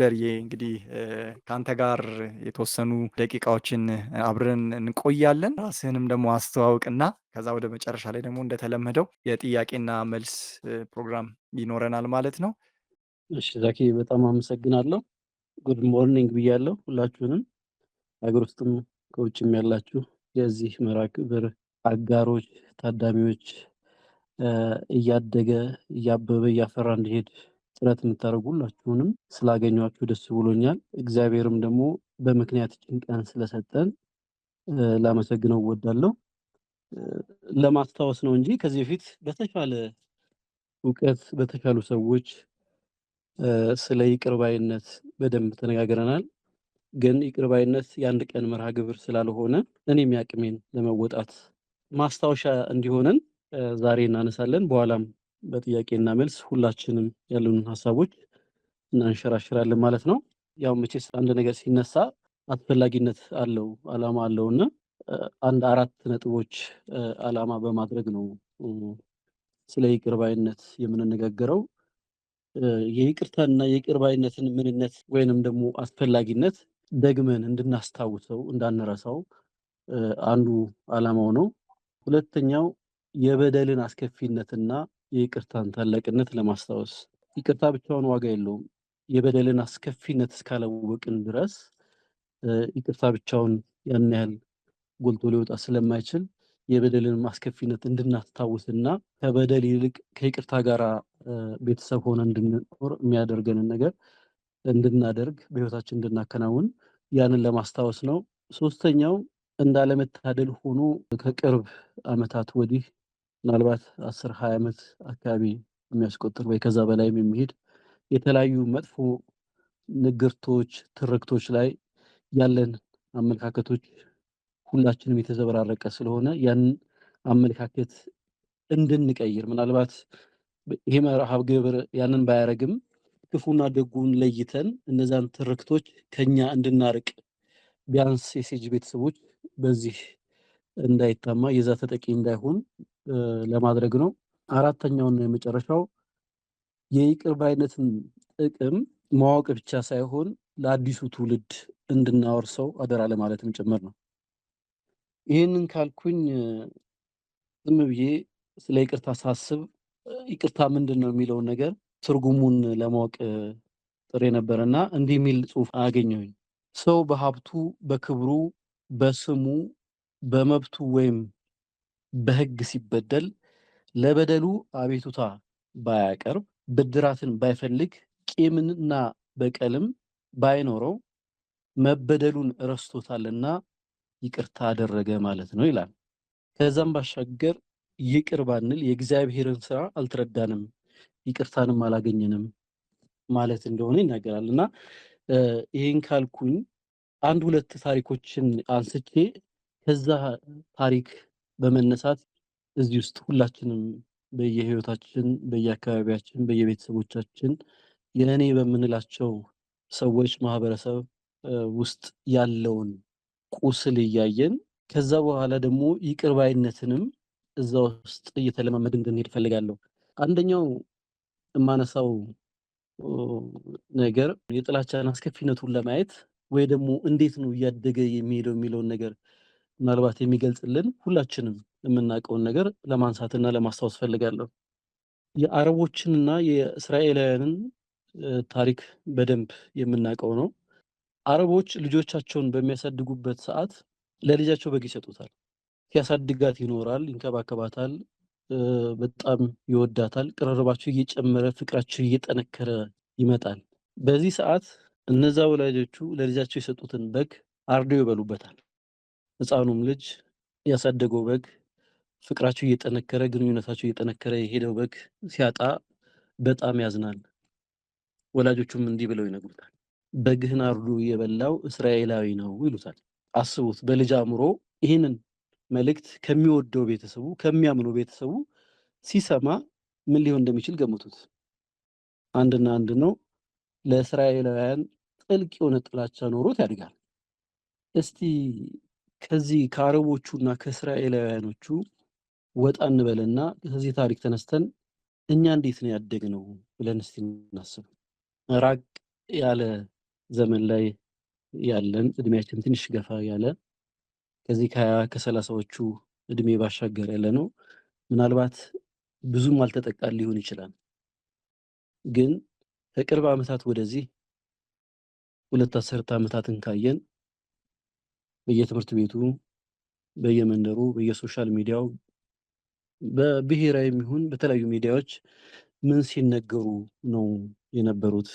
ደርዬ እንግዲህ ከአንተ ጋር የተወሰኑ ደቂቃዎችን አብረን እንቆያለን። ራስህንም ደግሞ አስተዋውቅና ከዛ ወደ መጨረሻ ላይ ደግሞ እንደተለመደው የጥያቄና መልስ ፕሮግራም ይኖረናል ማለት ነው። እሺ ዛኪ በጣም አመሰግናለሁ። ጉድ ሞርኒንግ ብያለሁ ሁላችሁንም፣ ሀገር ውስጥም ከውጭም ያላችሁ የዚህ መርሃ ግብር አጋሮች፣ ታዳሚዎች እያደገ እያበበ እያፈራ እንዲሄድ ጥረት የምታደርጉ ሁላችሁንም ስላገኟችሁ ደስ ብሎኛል። እግዚአብሔርም ደግሞ በምክንያት ጭንቀን ስለሰጠን ላመሰግነው እወዳለሁ። ለማስታወስ ነው እንጂ ከዚህ በፊት በተሻለ እውቀት በተሻሉ ሰዎች ስለ ይቅርባይነት በደንብ ተነጋግረናል። ግን ይቅርባይነት የአንድ ቀን መርሃ ግብር ስላልሆነ እኔም ያቅሜን ለመወጣት ማስታወሻ እንዲሆነን ዛሬ እናነሳለን በኋላም በጥያቄና መልስ ሁላችንም ያሉንን ሀሳቦች እናንሸራሽራለን ማለት ነው። ያው መቼስ አንድ ነገር ሲነሳ አስፈላጊነት አለው፣ አላማ አለው እና አንድ አራት ነጥቦች አላማ በማድረግ ነው ስለ ይቅርባይነት የምንነጋገረው። የይቅርታና የይቅር ምንነት ወይንም ደግሞ አስፈላጊነት ደግመን እንድናስታውሰው እንዳንረሳው አንዱ አላማው ነው። ሁለተኛው የበደልን አስከፊነትና የይቅርታን ታላቅነት ለማስታወስ ይቅርታ ብቻውን ዋጋ የለውም። የበደልን አስከፊነት እስካላወቅን ድረስ ይቅርታ ብቻውን ያን ያህል ጎልቶ ሊወጣ ስለማይችል የበደልን አስከፊነት እንድናስታውስና ከበደል ይልቅ ከይቅርታ ጋር ቤተሰብ ሆነ እንድንኖር የሚያደርገንን ነገር እንድናደርግ በህይወታችን እንድናከናውን ያንን ለማስታወስ ነው። ሶስተኛው እንዳለመታደል ሆኖ ከቅርብ ዓመታት ወዲህ ምናልባት አስር ሀያ ዓመት አካባቢ የሚያስቆጥር ወይ ከዛ በላይም የሚሄድ የተለያዩ መጥፎ ንግርቶች፣ ትርክቶች ላይ ያለን አመለካከቶች ሁላችንም የተዘበራረቀ ስለሆነ ያንን አመለካከት እንድንቀይር ምናልባት ይሄ መርሃብ ግብር ያንን ባያረግም ክፉና ደጉን ለይተን እነዛን ትርክቶች ከኛ እንድናርቅ ቢያንስ የሴጅ ቤተሰቦች በዚህ እንዳይታማ የዛ ተጠቂ እንዳይሆን ለማድረግ ነው። አራተኛውና የመጨረሻው የይቅር ባይነትን ጥቅም ማወቅ ብቻ ሳይሆን ለአዲሱ ትውልድ እንድናወርሰው አደራ ለማለትም ጭምር ነው። ይህንን ካልኩኝ ዝም ብዬ ስለ ይቅርታ ሳስብ ይቅርታ ምንድን ነው የሚለውን ነገር ትርጉሙን ለማወቅ ጥሬ ነበር እና እንዲህ የሚል ጽሑፍ አገኘሁኝ። ሰው በሀብቱ በክብሩ በስሙ በመብቱ ወይም በሕግ ሲበደል ለበደሉ አቤቱታ ባያቀርብ ብድራትን ባይፈልግ ቂምና በቀልም ባይኖረው መበደሉን ረስቶታልና ይቅርታ አደረገ ማለት ነው ይላል። ከዛም ባሻገር ይቅር ባንል የእግዚአብሔርን ስራ አልተረዳንም፣ ይቅርታንም አላገኘንም ማለት እንደሆነ ይናገራል እና ይህን ካልኩኝ አንድ ሁለት ታሪኮችን አንስቼ ከዛ ታሪክ በመነሳት እዚህ ውስጥ ሁላችንም በየህይወታችን፣ በየአካባቢያችን፣ በየቤተሰቦቻችን የእኔ በምንላቸው ሰዎች ማህበረሰብ ውስጥ ያለውን ቁስል እያየን ከዛ በኋላ ደግሞ ይቅርባይነትንም እዛ ውስጥ እየተለማመድ እንድንሄድ እፈልጋለሁ። አንደኛው የማነሳው ነገር የጥላቻን አስከፊነቱን ለማየት ወይ ደግሞ እንዴት ነው እያደገ የሚሄደው የሚለውን ነገር ምናልባት የሚገልጽልን ሁላችንም የምናውቀውን ነገር ለማንሳትና ለማስታወስ ፈልጋለሁ። የአረቦችንና የእስራኤላውያንን ታሪክ በደንብ የምናውቀው ነው። አረቦች ልጆቻቸውን በሚያሳድጉበት ሰዓት ለልጃቸው በግ ይሰጡታል። ሲያሳድጋት ይኖራል፣ ይንከባከባታል፣ በጣም ይወዳታል። ቅርርባቸው እየጨመረ ፍቅራቸው እየጠነከረ ይመጣል። በዚህ ሰዓት እነዛ ወላጆቹ ለልጃቸው የሰጡትን በግ አርደው ይበሉበታል። ህፃኑም ልጅ ያሳደገው በግ ፍቅራቸው እየጠነከረ ግንኙነታቸው እየጠነከረ የሄደው በግ ሲያጣ በጣም ያዝናል። ወላጆቹም እንዲህ ብለው ይነግሩታል፣ በግህን አርዶ የበላው እስራኤላዊ ነው ይሉታል። አስቡት በልጅ አእምሮ ይህንን መልእክት ከሚወደው ቤተሰቡ ከሚያምነው ቤተሰቡ ሲሰማ ምን ሊሆን እንደሚችል ገምቱት። አንድና አንድ ነው። ለእስራኤላውያን ጥልቅ የሆነ ጥላቻ ኖሮት ያድጋል። እስቲ ከዚህ ከአረቦቹ እና ከእስራኤላውያኖቹ ወጣ እንበልና ከዚህ ታሪክ ተነስተን እኛ እንዴት ነው ያደግነው ብለን እስቲ እናስብ። ራቅ ያለ ዘመን ላይ ያለን እድሜያችን ትንሽ ገፋ ያለ ከዚህ ከሀያ ከሰላሳዎቹ እድሜ ባሻገር ያለ ነው። ምናልባት ብዙም አልተጠቃን ሊሆን ይችላል። ግን ከቅርብ ዓመታት ወደዚህ ሁለት አሰርት ዓመታትን ካየን በየትምህርት ቤቱ፣ በየመንደሩ፣ በየሶሻል ሚዲያው በብሔራዊ የሚሆን በተለያዩ ሚዲያዎች ምን ሲነገሩ ነው የነበሩት?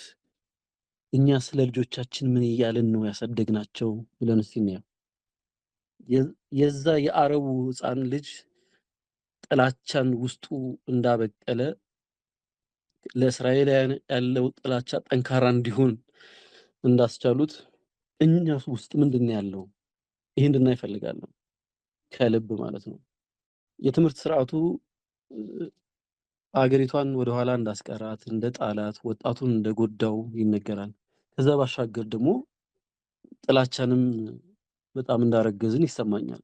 እኛ ስለ ልጆቻችን ምን እያልን ነው ያሳደግናቸው ብለን ስናየው የዛ የአረቡ ህፃን ልጅ ጥላቻን ውስጡ እንዳበቀለ ለእስራኤላውያን ያለው ጥላቻ ጠንካራ እንዲሆን እንዳስቻሉት እኛ ውስጥ ምንድን ነው ያለው? ይህ እንድናይ እፈልጋለሁ። ከልብ ማለት ነው። የትምህርት ስርዓቱ አገሪቷን ወደኋላ እንዳስቀራት፣ እንደ ጣላት፣ ወጣቱን እንደጎዳው ይነገራል። ከዛ ባሻገር ደግሞ ጥላቻንም በጣም እንዳረገዝን ይሰማኛል።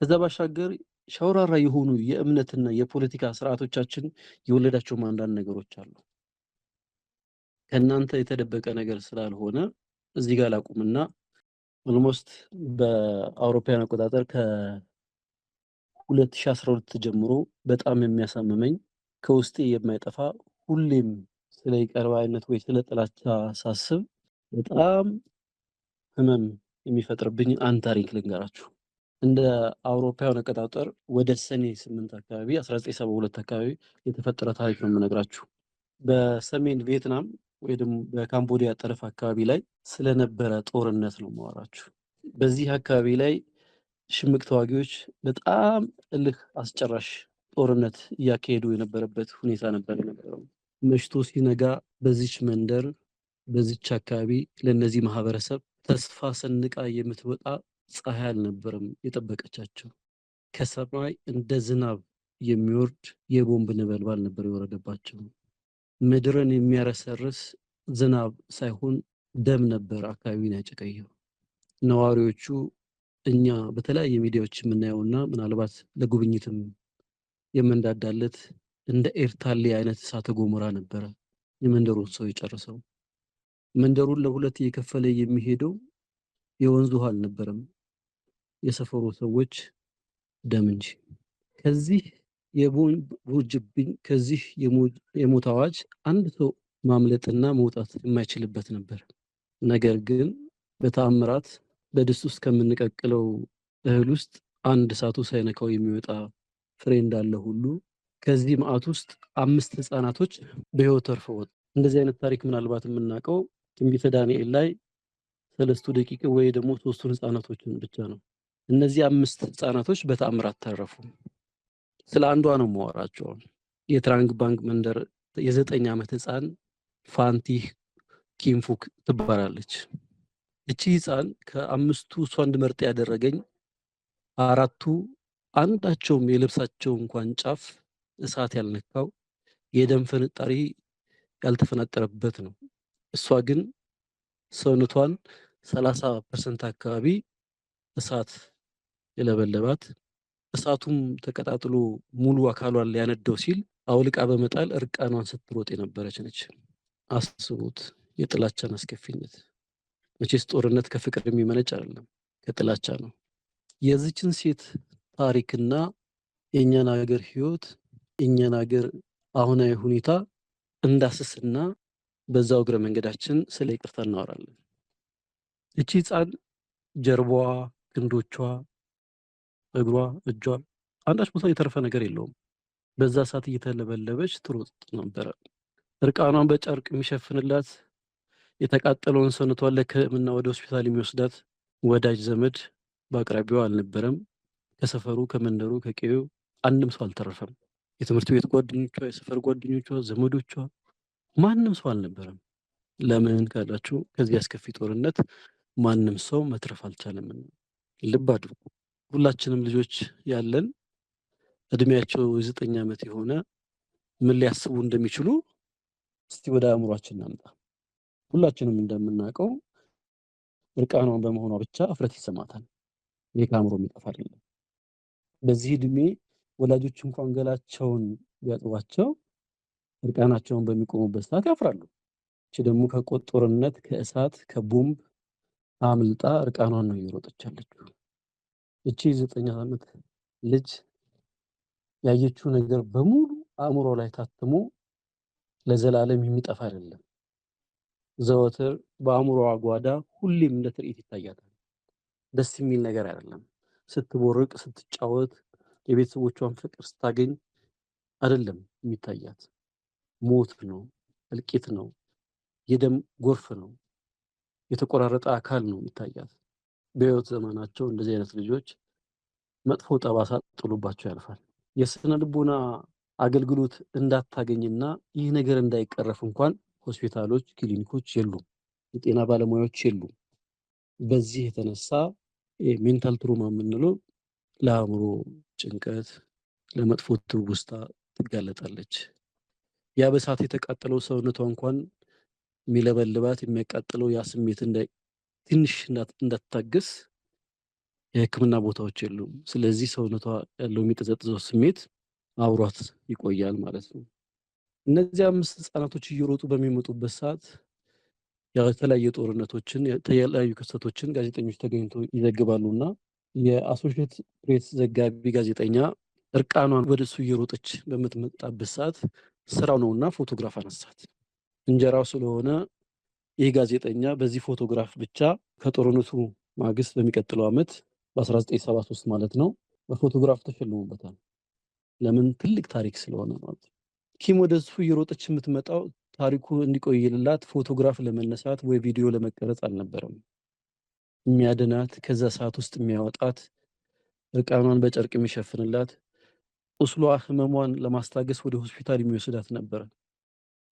ከዛ ባሻገር ሸውራራ የሆኑ የእምነትና የፖለቲካ ስርዓቶቻችን የወለዳቸውም አንዳንድ ነገሮች አሉ። ከእናንተ የተደበቀ ነገር ስላልሆነ እዚህ ጋር ላቁምና ኦልሞስት በአውሮፓውያን አቆጣጠር ከ2012 ጀምሮ በጣም የሚያሳምመኝ ከውስጤ የማይጠፋ ሁሌም ስለ አይነት ወይ ስለ ጥላቻ ሳስብ በጣም ህመም የሚፈጥርብኝ አንድ ታሪክ ልንገራችሁ። እንደ አውሮፓውያን አቆጣጠር ወደ ሰኔ ስምንት አካባቢ 1972 አካባቢ የተፈጠረ ታሪክ ነው የምነግራችሁ። በሰሜን ቪየትናም ወይ ደግሞ በካምቦዲያ ጠረፍ አካባቢ ላይ ስለነበረ ጦርነት ነው ማወራችሁ። በዚህ አካባቢ ላይ ሽምቅ ተዋጊዎች በጣም እልህ አስጨራሽ ጦርነት እያካሄዱ የነበረበት ሁኔታ ነበር የነበረው። መሽቶ ሲነጋ በዚች መንደር በዚች አካባቢ ለእነዚህ ማህበረሰብ ተስፋ ሰንቃ የምትወጣ ፀሐይ አልነበረም የጠበቀቻቸው። ከሰማይ እንደ ዝናብ የሚወርድ የቦምብ ነበልባል ነበር የወረደባቸው። ምድርን የሚያረሰርስ ዝናብ ሳይሆን ደም ነበር አካባቢን ያጨቀየው። ነዋሪዎቹ እኛ በተለያየ ሚዲያዎች የምናየውና ምናልባት ለጉብኝትም የምንዳዳለት እንደ ኤርታሌ አይነት እሳተ ገሞራ ነበረ የመንደሩን ሰው የጨረሰው። መንደሩን ለሁለት እየከፈለ የሚሄደው የወንዝ ውሃ አልነበረም፣ የሰፈሩ ሰዎች ደም እንጂ። ከዚህ የቦምብ ውርጅብኝ ከዚህ የሞት አዋጅ አንድ ሰው ማምለጥና መውጣት የማይችልበት ነበር። ነገር ግን በተአምራት በድስት ውስጥ ከምንቀቅለው እህል ውስጥ አንድ እሳቱ ሳይነካው የሚወጣ ፍሬ እንዳለ ሁሉ ከዚህ መዓት ውስጥ አምስት ህፃናቶች በህይወት ተርፈው ወጡ። እንደዚህ አይነት ታሪክ ምናልባት የምናውቀው ትንቢተ ዳንኤል ላይ ሰለስቱ ደቂቅ ወይ ደግሞ ሶስቱን ህፃናቶችን ብቻ ነው። እነዚህ አምስት ህፃናቶች በተአምራት ተረፉ። ስለ አንዷ ነው የማወራቸው። የትራንግ ባንክ መንደር የዘጠኝ ዓመት ህፃን ፋንቲህ ኪንፉክ ትባላለች። እቺ ህፃን ከአምስቱ እሷ እንድመርጥ ያደረገኝ አራቱ አንዳቸውም የልብሳቸው እንኳን ጫፍ እሳት ያልነካው የደም ፍንጣሪ ያልተፈናጠረበት ነው። እሷ ግን ሰውነቷን ሰላሳ ፐርሰንት አካባቢ እሳት የለበለባት እሳቱም ተቀጣጥሎ ሙሉ አካሏን ሊያነደው ሲል አውልቃ በመጣል እርቃኗን ስትሮጥ የነበረች ነች። አስቡት የጥላቻን አስከፊነት። መቼስ ጦርነት ከፍቅር የሚመነጭ አይደለም፣ ከጥላቻ ነው። የዚችን ሴት ታሪክና የእኛን ሀገር ህይወት የእኛን ሀገር አሁናዊ ሁኔታ እንዳስስና በዛው እግረ መንገዳችን ስለ ይቅርታ እናወራለን። እቺ ህፃን ጀርባዋ፣ ክንዶቿ እግሯ፣ እጇ አንዳች ቦታ የተረፈ ነገር የለውም። በዛ ሰዓት እየተለበለበች ትሮጥ ነበረ። እርቃኗን በጨርቅ የሚሸፍንላት የተቃጠለውን ሰውነቷን ለሕክምና ወደ ሆስፒታል የሚወስዳት ወዳጅ ዘመድ በአቅራቢያው አልነበረም። ከሰፈሩ ከመንደሩ ከቀዬው አንድም ሰው አልተረፈም። የትምህርት ቤት ጓደኞቿ፣ የሰፈር ጓደኞቿ፣ ዘመዶቿ ማንም ሰው አልነበረም። ለምን ካላችሁ ከዚህ አስከፊ ጦርነት ማንም ሰው መትረፍ አልቻለምና ልብ አድርጉ። ሁላችንም ልጆች ያለን እድሜያቸው የዘጠኝ ዓመት የሆነ ምን ሊያስቡ እንደሚችሉ እስቲ ወደ አእምሯችን እናምጣ። ሁላችንም እንደምናውቀው እርቃኗን በመሆኗ ብቻ እፍረት ይሰማታል። ይህ ከአእምሮ የሚጠፋ አይደለም። በዚህ እድሜ ወላጆች እንኳን ገላቸውን ቢያጥቧቸው እርቃናቸውን በሚቆሙበት ሰዓት ያፍራሉ። እቺ ደግሞ ከቆጦርነት ከእሳት ከቦምብ አምልጣ እርቃኗን ነው እየሮጠች ያለችው። እቺ ዘጠኝ ዓመት ልጅ ያየችው ነገር በሙሉ አእምሮ ላይ ታትሞ ለዘላለም የሚጠፋ አይደለም። ዘወትር በአእምሮ አጓዳ ሁሌም እንደ ትርኢት ይታያታል። ደስ የሚል ነገር አይደለም። ስትቦርቅ፣ ስትጫወት፣ የቤተሰቦቿን ፍቅር ስታገኝ አይደለም የሚታያት። ሞት ነው፣ እልቂት ነው፣ የደም ጎርፍ ነው፣ የተቆራረጠ አካል ነው የሚታያት። በህይወት ዘመናቸው እንደዚህ አይነት ልጆች መጥፎ ጠባሳ ጥሎባቸው ያልፋል። የስነ ልቦና አገልግሎት እንዳታገኝና ይህ ነገር እንዳይቀረፍ እንኳን ሆስፒታሎች፣ ክሊኒኮች የሉም፣ የጤና ባለሙያዎች የሉም። በዚህ የተነሳ ሜንታል ትሩማ የምንለው ለአእምሮ ጭንቀት፣ ለመጥፎ ትውስታ ትጋለጣለች። ያ በሳት የተቃጠለው ሰውነቷ እንኳን የሚለበልባት የሚያቃጥለው ያ ስሜት ትንሽ እንዳትታገስ የህክምና ቦታዎች የሉም። ስለዚህ ሰውነቷ ያለው የሚጠዘጥዘው ስሜት አብሯት ይቆያል ማለት ነው። እነዚህ አምስት ህጻናቶች እየሮጡ በሚመጡበት ሰዓት የተለያዩ ጦርነቶችን፣ የተለያዩ ክስተቶችን ጋዜጠኞች ተገኝቶ ይዘግባሉ እና የአሶሽት ፕሬስ ዘጋቢ ጋዜጠኛ እርቃኗን ወደ እሱ እየሮጠች በምትመጣበት ሰዓት ስራው ነውና ፎቶግራፍ አነሳት። እንጀራው ስለሆነ ይህ ጋዜጠኛ በዚህ ፎቶግራፍ ብቻ ከጦርነቱ ማግስት በሚቀጥለው ዓመት በ1973 ማለት ነው በፎቶግራፍ ተሸልሞበታል። ለምን? ትልቅ ታሪክ ስለሆነ ማለት ነው። ኪም ወደሱ እየሮጠች የምትመጣው ታሪኩ እንዲቆይልላት ፎቶግራፍ ለመነሳት ወይ ቪዲዮ ለመቀረጽ አልነበረም። የሚያድናት ከዛ ሰዓት ውስጥ የሚያወጣት እርቃኗን በጨርቅ የሚሸፍንላት ቁስሏ ህመሟን ለማስታገስ ወደ ሆስፒታል የሚወስዳት ነበረ።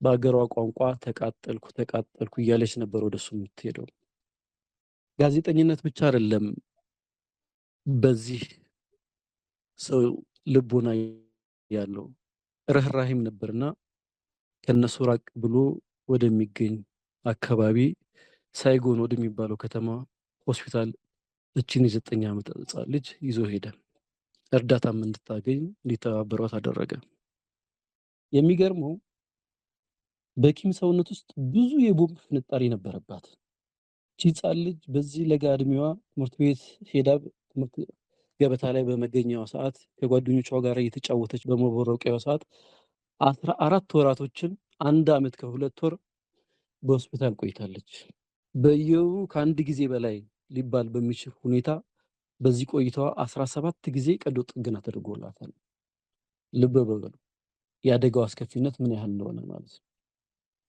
በአገሯ ቋንቋ ተቃጠልኩ ተቃጠልኩ እያለች ነበር ወደሱ የምትሄደው። ጋዜጠኝነት ብቻ አይደለም በዚህ ሰው ልቦና ያለው ርኅራሄም ነበርና ከነሱ ራቅ ብሎ ወደሚገኝ አካባቢ ሳይጎን ወደሚባለው ከተማ ሆስፒታል እችን የዘጠኝ ዓመት ሕፃን ልጅ ይዞ ሄደ። እርዳታም እንድታገኝ እንዲተባበሯት አደረገ። የሚገርመው በኪም ሰውነት ውስጥ ብዙ የቦምብ ፍንጣሪ ነበረባት። ሕፃን ልጅ በዚህ ለጋ እድሜዋ ትምህርት ቤት ሄዳ ትምህርት ገበታ ላይ በመገኘው ሰዓት ከጓደኞቿ ጋር እየተጫወተች በመቦረቂያው ሰዓት አስራ አራት ወራቶችን አንድ አመት ከሁለት ወር በሆስፒታል ቆይታለች። በየወሩ ከአንድ ጊዜ በላይ ሊባል በሚችል ሁኔታ በዚህ ቆይታዋ አስራ ሰባት ጊዜ ቀዶ ጥገና ተደርጎላታል። ልብ የአደጋው አስከፊነት ምን ያህል እንደሆነ ማለት ነው።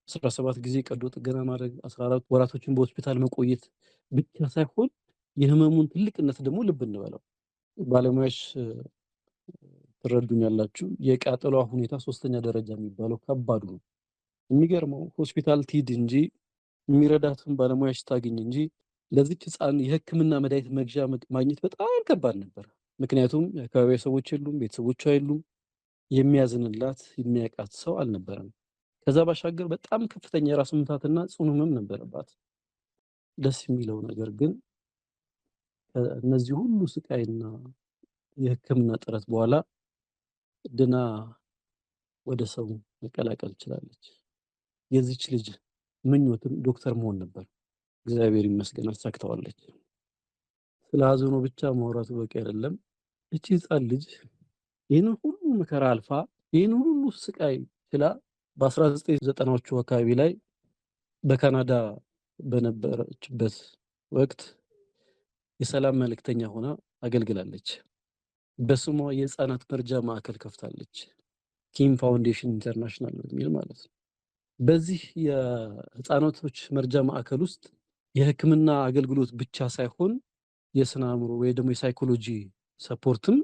አስራ ሰባት ጊዜ ቀዶ ጥገና ማድረግ አስራ አራት ወራቶችን በሆስፒታል መቆየት ብቻ ሳይሆን የህመሙን ትልቅነት ደግሞ ልብ እንበለው። ባለሙያዎች ትረዱኛላችሁ። የቃጠሏ ሁኔታ ሶስተኛ ደረጃ የሚባለው ከባዱ ነው። የሚገርመው ሆስፒታል ትሂድ እንጂ የሚረዳትን ባለሙያዎች ታገኝ እንጂ ለዚች ህፃን የህክምና መድኃኒት መግዣ ማግኘት በጣም ከባድ ነበር። ምክንያቱም የአካባቢ ሰዎች የሉም፣ ቤተሰቦቿ የሉም፣ የሚያዝንላት የሚያውቃት ሰው አልነበረም። ከዛ ባሻገር በጣም ከፍተኛ የራስ ምታትና ጽኑ ህመም ነበረባት። ደስ የሚለው ነገር ግን እነዚህ ሁሉ ስቃይና የህክምና ጥረት በኋላ ድና ወደ ሰው መቀላቀል ትችላለች። የዚች ልጅ ምኞትም ዶክተር መሆን ነበር። እግዚአብሔር ይመስገን አሳክተዋለች። ስለ ሀዘኑ ብቻ ማውራቱ በቂ አይደለም። እቺ ህፃን ልጅ ይህንን ሁሉ መከራ አልፋ ይህንን ሁሉ ስቃይ ችላ በ1990ዎቹ አካባቢ ላይ በካናዳ በነበረችበት ወቅት የሰላም መልእክተኛ ሆና አገልግላለች። በስሟ የህፃናት መርጃ ማዕከል ከፍታለች። ኪም ፋውንዴሽን ኢንተርናሽናል በሚል ማለት ነው። በዚህ የህፃናቶች መርጃ ማዕከል ውስጥ የህክምና አገልግሎት ብቻ ሳይሆን የስነ አእምሮ ወይ ደግሞ የሳይኮሎጂ ሰፖርትም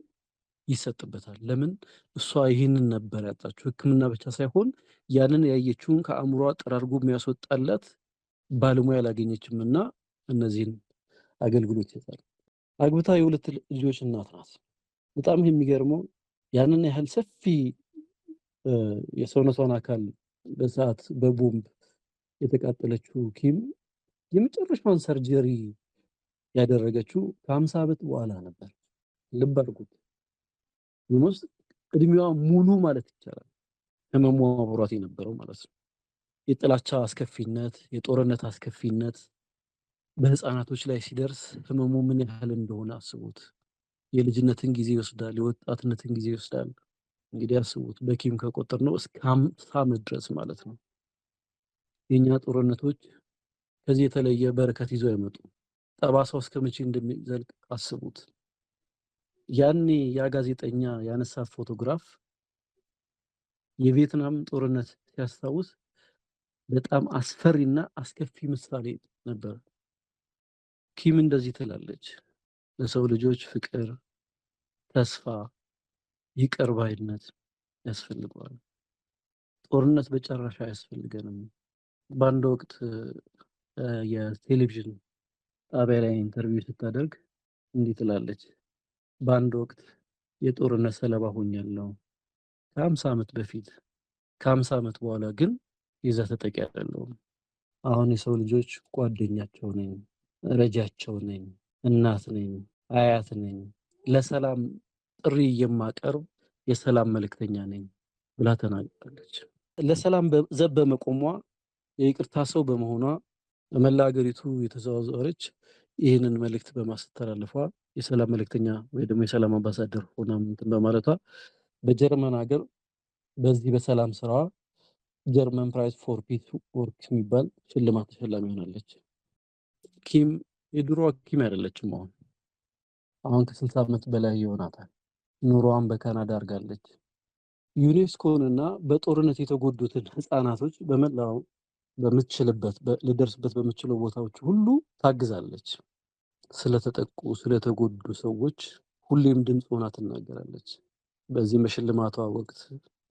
ይሰጥበታል። ለምን እሷ ይህንን ነበር ያጣችው። ሕክምና ብቻ ሳይሆን ያንን ያየችውን ከአእምሯ ጠራርጎ የሚያስወጣላት ባለሙያ አላገኘችም እና እነዚህን አገልግሎት ይሰጣል። አግብታ የሁለት ልጆች እናት ናት። በጣም የሚገርመው ያንን ያህል ሰፊ የሰውነቷን አካል በሰዓት በቦምብ የተቃጠለችው ኪም የመጨረሻውን ሰርጀሪ ያደረገችው ከሀምሳ ዓመት በኋላ ነበር። ልብ አድርጉት። ኦልሞስት እድሜዋ ሙሉ ማለት ይቻላል ህመሙ አብሯት የነበረው ማለት ነው። የጥላቻ አስከፊነት፣ የጦርነት አስከፊነት በህፃናቶች ላይ ሲደርስ ህመሙ ምን ያህል እንደሆነ አስቡት። የልጅነትን ጊዜ ይወስዳል፣ የወጣትነትን ጊዜ ይወስዳል። እንግዲህ አስቡት በኪም ከቆጠር ነው እስከ ሃምሳ ዓመት ድረስ ማለት ነው። የእኛ ጦርነቶች ከዚህ የተለየ በረከት ይዞ አይመጡም። ጠባሳው እስከ መቼ እንደሚዘልቅ አስቡት። ያኔ ያ ጋዜጠኛ ያነሳ ፎቶግራፍ የቪየትናም ጦርነት ሲያስታውስ በጣም አስፈሪና አስከፊ ምሳሌ ነበር። ኪም እንደዚህ ትላለች። ለሰው ልጆች ፍቅር፣ ተስፋ፣ ይቅር ባይነት ያስፈልገዋል። ጦርነት በጨራሻ አያስፈልገንም። በአንድ ወቅት የቴሌቪዥን ጣቢያ ላይ ኢንተርቪው ስታደርግ እንዲህ ትላለች። በአንድ ወቅት የጦርነት ሰለባ ሆኛለሁ። ከአምሳ ዓመት በፊት ከአምሳ ዓመት በኋላ ግን የዛ ተጠቂ አይደለሁም። አሁን የሰው ልጆች ጓደኛቸው ነኝ፣ ረጃቸው ነኝ፣ እናት ነኝ፣ አያት ነኝ፣ ለሰላም ጥሪ የማቀርብ የሰላም መልእክተኛ ነኝ ብላ ተናግራለች። ለሰላም ዘብ በመቆሟ የይቅርታ ሰው በመሆኗ በመላ ሀገሪቱ የተዘዋወረች ይህንን መልእክት በማስተላለፏ የሰላም መልእክተኛ ወይ ደግሞ የሰላም አምባሳደር ሆና ምንትን በማለቷ በጀርመን ሀገር በዚህ በሰላም ስራዋ ጀርመን ፕራይስ ፎር ፒስ ወርክ የሚባል ሽልማት ተሸላሚ ሆናለች። ኪም የድሮ ኪም አይደለችም። አሁን አሁን ከስልሳ ዓመት በላይ ይሆናታል። ኑሯን በካናዳ አድርጋለች። እና በጦርነት የተጎዱትን ህጻናቶች በመላው በምችልበት ልደርስበት በምችለው ቦታዎች ሁሉ ታግዛለች። ስለተጠቁ ስለተጎዱ ሰዎች ሁሌም ድምፅ ሆና ትናገራለች። በዚህ በሽልማቷ ወቅት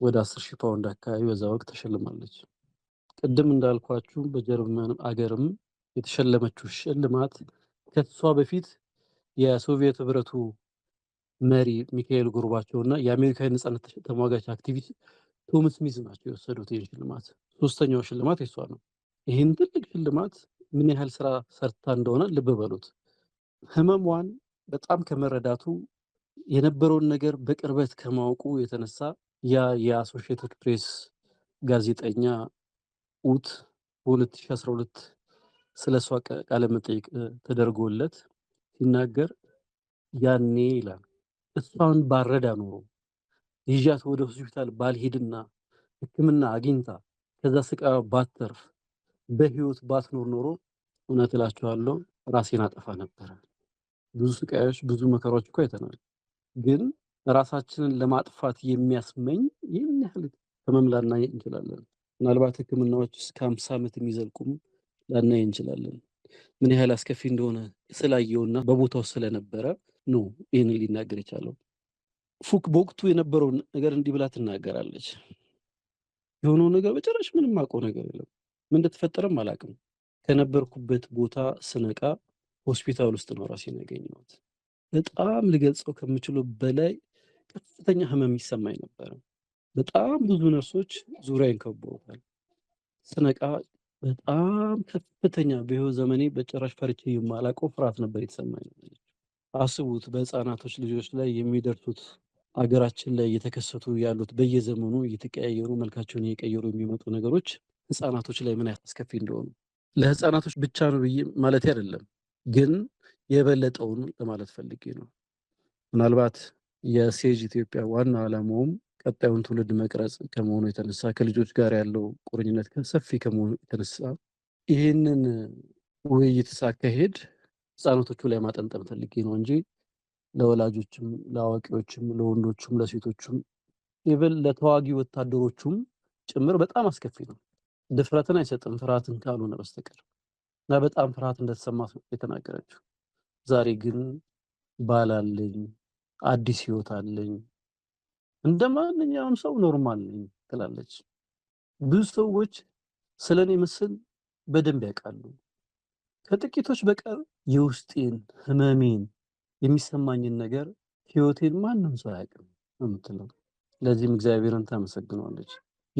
ወደ አስር ሺህ ፓውንድ አካባቢ በዛ ወቅት ተሸልማለች። ቅድም እንዳልኳችሁ በጀርመን አገርም የተሸለመችው ሽልማት ከሷ በፊት የሶቪየት ህብረቱ መሪ ሚካኤል ጎርባቸው እና የአሜሪካ ነጻነት ተሟጋች አክቲቪስት ቶም ስሚዝ ናቸው የወሰዱት ይህን ሽልማት። ሶስተኛው ሽልማት የሷ ነው። ይህን ትልቅ ሽልማት ምን ያህል ስራ ሰርታ እንደሆነ ልብ በሉት። ህመሟን በጣም ከመረዳቱ የነበረውን ነገር በቅርበት ከማወቁ የተነሳ ያ የአሶሽትድ ፕሬስ ጋዜጠኛ ኡት በ2012 ስለ እሷ ቃለ መጠይቅ ተደርጎለት ሲናገር ያኔ ይላል እሷን ባረዳ ኖሮ ይዣት ወደ ሆስፒታል ባልሄድና ሕክምና አግኝታ ከዛ ስቃ ባትተርፍ በህይወት ባትኖር ኖሮ እውነት እላችኋለሁ ራሴን አጠፋ ነበረ። ብዙ ስቃዮች፣ ብዙ መከራዎች እኮ አይተናል። ግን ራሳችንን ለማጥፋት የሚያስመኝ ይህን ያህል ህመም ላናይ እንችላለን። ምናልባት ህክምናዎች እስከ አምሳ ዓመት የሚዘልቁም ላናይ እንችላለን። ምን ያህል አስከፊ እንደሆነ ስላየውና በቦታው ስለነበረ ነው ይህንን ሊናገር የቻለው። ፉክ በወቅቱ የነበረውን ነገር እንዲህ ብላ ትናገራለች። የሆነው ነገር በጭራሽ ምንም አውቀው ነገር የለም። ምን እንደተፈጠረም አላውቅም። ከነበርኩበት ቦታ ስነቃ ሆስፒታል ውስጥ ነው ራሴን ያገኘሁት። በጣም ልገልጸው ከምችለው በላይ ከፍተኛ ህመም ይሰማኝ ነበረ። በጣም ብዙ ነርሶች ዙሪያ ከበውታል። ስነቃ በጣም ከፍተኛ በህይወት ዘመኔ በጭራሽ ፈርቼ የማላውቀው ፍርሃት ነበር የተሰማኝ። አስቡት በህፃናቶች ልጆች ላይ የሚደርሱት አገራችን ላይ እየተከሰቱ ያሉት በየዘመኑ እየተቀያየሩ መልካቸውን እየቀየሩ የሚመጡ ነገሮች ህፃናቶች ላይ ምን ያህል አስከፊ እንደሆኑ ለህፃናቶች ብቻ ነው ብዬ ማለት አይደለም፣ ግን የበለጠውን ለማለት ፈልጌ ነው። ምናልባት የሴጅ ኢትዮጵያ ዋና ዓላማውም ቀጣዩን ትውልድ መቅረጽ ከመሆኑ የተነሳ ከልጆች ጋር ያለው ቁርኝነት ሰፊ ከመሆኑ የተነሳ ይህንን ውይይት ሳካሄድ ህፃናቶቹ ላይ ማጠንጠን ፈልጌ ነው እንጂ ለወላጆችም፣ ለአዋቂዎችም፣ ለወንዶችም፣ ለሴቶችም ኢቨን ለተዋጊ ወታደሮቹም ጭምር በጣም አስከፊ ነው። ድፍረትን አይሰጥም ፍርሃትን ካልሆነ በስተቀር እና በጣም ፍርሃት እንደተሰማት የተናገረችው። ዛሬ ግን ባል አለኝ፣ አዲስ ህይወት አለኝ፣ እንደ ማንኛውም ሰው ኖርማል ነኝ ትላለች። ብዙ ሰዎች ስለ እኔ ምስል በደንብ ያውቃሉ ከጥቂቶች በቀር የውስጤን ህመሜን የሚሰማኝን ነገር ህይወቴን ማንም ሰው አያውቅም የምትለው ለዚህም እግዚአብሔርን ታመሰግነዋለች።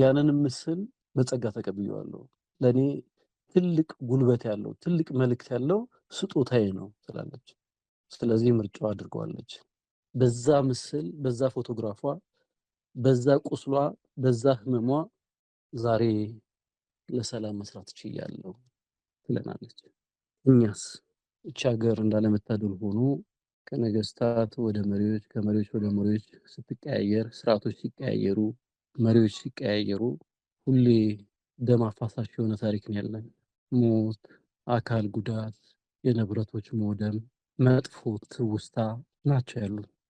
ያንንም ምስል በጸጋ ተቀብያዋለሁ። ለእኔ ትልቅ ጉልበት ያለው ትልቅ መልእክት ያለው ስጦታዬ ነው ትላለች። ስለዚህ ምርጫዋ አድርገዋለች። በዛ ምስል፣ በዛ ፎቶግራፏ፣ በዛ ቁስሏ፣ በዛ ህመሟ ዛሬ ለሰላም መስራት ችያለሁ ትለናለች። እኛስ እቺ ሀገር እንዳለመታደል ሆኖ ከነገስታት ወደ መሪዎች፣ ከመሪዎች ወደ መሪዎች ስትቀያየር፣ ስርዓቶች ሲቀያየሩ፣ መሪዎች ሲቀያየሩ፣ ሁሌ ደም አፋሳሽ የሆነ ታሪክ ነው ያለን። ሞት፣ አካል ጉዳት፣ የንብረቶች መውደም፣ መጥፎ ትውስታ ናቸው ያሉት።